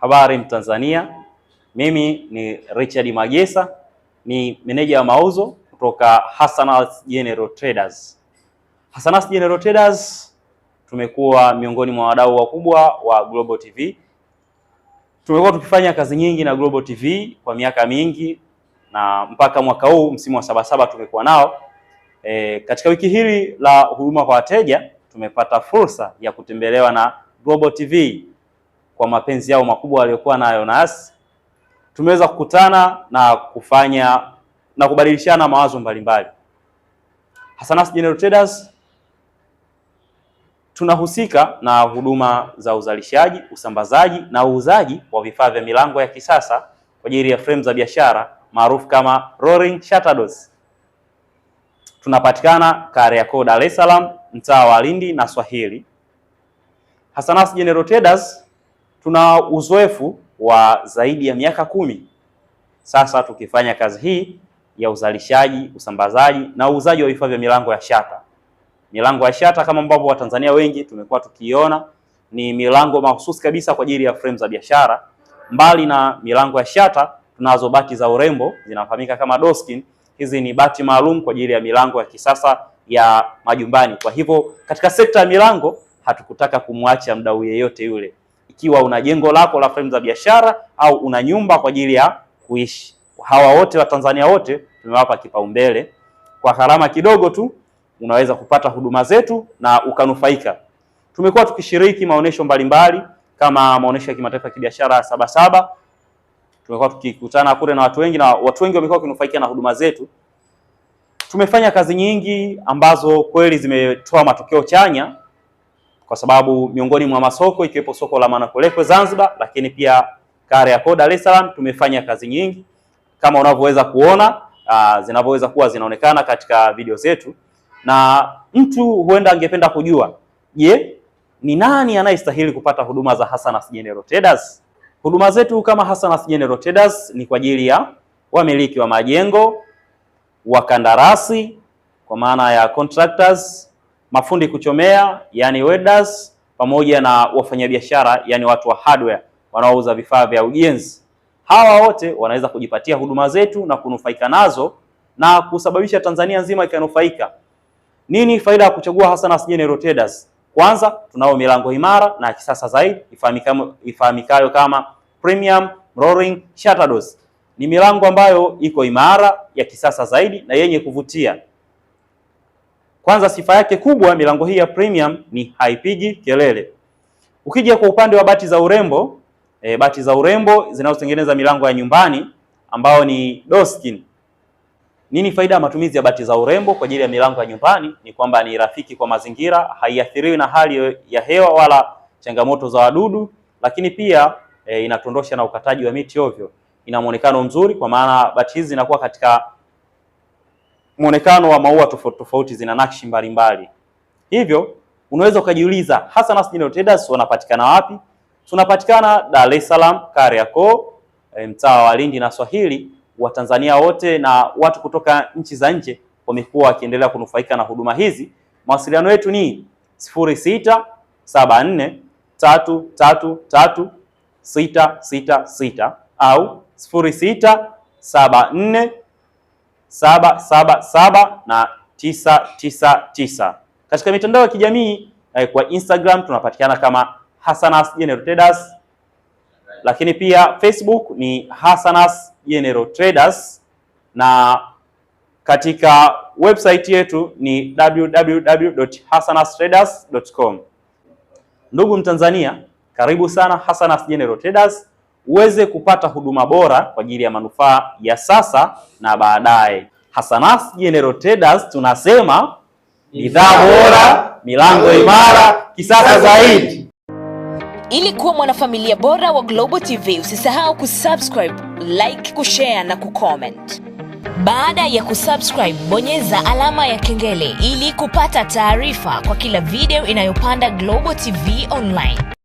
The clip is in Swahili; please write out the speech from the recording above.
Habari Mtanzania, mimi ni Richard Magesa, ni meneja wa mauzo kutoka Hasanas General Traders. Hasanas General Traders tumekuwa miongoni mwa wadau wakubwa wa Global TV. Tumekuwa tukifanya kazi nyingi na Global TV kwa miaka mingi na mpaka mwaka huu msimu wa sabasaba tumekuwa nao. E, katika wiki hili la huduma kwa wateja tumepata fursa ya kutembelewa na Global TV kwa mapenzi yao makubwa waliokuwa nayo nasi, tumeweza kukutana na kufanya na kubadilishana mawazo mbalimbali. Hasanas General Traders tunahusika na huduma za uzalishaji, usambazaji na uuzaji wa vifaa vya milango ya kisasa kwa ajili ya frame za biashara maarufu kama rolling shutter doors. Tunapatikana Kariakoo, Dar es Salaam, mtaa wa Lindi na Swahili. Hasanas General Traders Tuna uzoefu wa zaidi ya miaka kumi sasa tukifanya kazi hii ya uzalishaji, usambazaji na uuzaji wa vifaa vya milango ya shata. Milango ya shata kama ambavyo Watanzania wengi tumekuwa tukiiona ni milango mahususi kabisa kwa ajili ya fremu za biashara. Mbali na milango ya shata, tunazo bati za urembo zinafahamika kama doskin. Hizi ni bati maalum kwa ajili ya milango ya kisasa ya majumbani. Kwa hivyo, katika sekta ya milango hatukutaka kumwacha mdau yeyote yule ikiwa una jengo lako la fremu za biashara au una nyumba kwa ajili ya kuishi. Hawa wote Watanzania wote tumewapa kipaumbele. Kwa gharama kidogo tu unaweza kupata huduma zetu na ukanufaika. Tumekuwa tukishiriki maonesho mbalimbali kama maonesho ya kimataifa ya kibiashara Sabasaba. Tumekuwa tukikutana kule na watu wengi na watu wengi wamekuwa wakinufaika na huduma zetu. Tumefanya kazi nyingi ambazo kweli zimetoa matokeo chanya kwa sababu miongoni mwa masoko ikiwepo soko la Manakolekwe Zanzibar, lakini pia Kariakoo Dar es Salaam tumefanya kazi nyingi kama unavyoweza kuona ah, zinavyoweza kuwa zinaonekana katika video zetu, na mtu huenda angependa kujua, je, ni nani anayestahili kupata huduma za Hassanas General Traders? Huduma zetu kama Hassanas General Traders ni kwa ajili ya wamiliki wa majengo, wakandarasi kwa maana ya contractors mafundi kuchomea yani welders, pamoja na wafanyabiashara yani watu wa hardware wanaouza vifaa vya ujenzi. Hawa wote wanaweza kujipatia huduma zetu na kunufaika nazo na kusababisha Tanzania nzima ikanufaika. Nini faida ya kuchagua Hassan As General Traders? Kwanza, tunao milango imara na kisasa zaidi ifahamikayo kama premium rolling shutter doors. Ni milango ambayo iko imara ya kisasa zaidi na yenye kuvutia. Kwanza, sifa yake kubwa milango hii ya premium ni haipigi kelele. Ukija kwa upande wa bati za urembo e, bati za urembo zinazotengeneza milango ya nyumbani ambao ni Doskin. Nini faida ya matumizi ya bati za urembo kwa ajili ya milango ya nyumbani? Ni kwamba ni rafiki kwa mazingira, haiathiriwi na hali ya hewa wala changamoto za wadudu, lakini pia e, inatondosha na ukataji wa miti ovyo. Ina mwonekano mzuri kwa maana bati hizi zinakuwa katika mwonekano wa maua tofauti tofauti, zina nakshi mbalimbali. Hivyo unaweza ukajiuliza Hassan Asnic Traders wanapatikana wapi? Tunapatikana Dar es Salaam, Kariakoo, eh, mtaa wa Lindi na Swahili. Watanzania wote na watu kutoka nchi za nje wamekuwa wakiendelea kunufaika na huduma hizi. Mawasiliano yetu ni sifuri sita saba nne tatu tatu tatu sita sita sita au sifuri sita saba nne saba saba saba na tisa tisa tisa. Katika mitandao ya kijamii eh, kwa Instagram tunapatikana kama Hasanas General Traders, lakini pia Facebook ni Hasanas General Traders na katika website yetu ni www.hasanastraders.com. Ndugu Mtanzania, karibu sana Hasanas General Traders uweze kupata huduma bora kwa ajili ya manufaa ya sasa na baadaye. Hasanas General Traders tunasema bidhaa bora, milango imara, kisasa zaidi. Ili kuwa mwanafamilia bora wa Global TV, usisahau kusubscribe, like, kushare na kucomment. Baada ya kusubscribe, bonyeza alama ya kengele ili kupata taarifa kwa kila video inayopanda Global TV Online.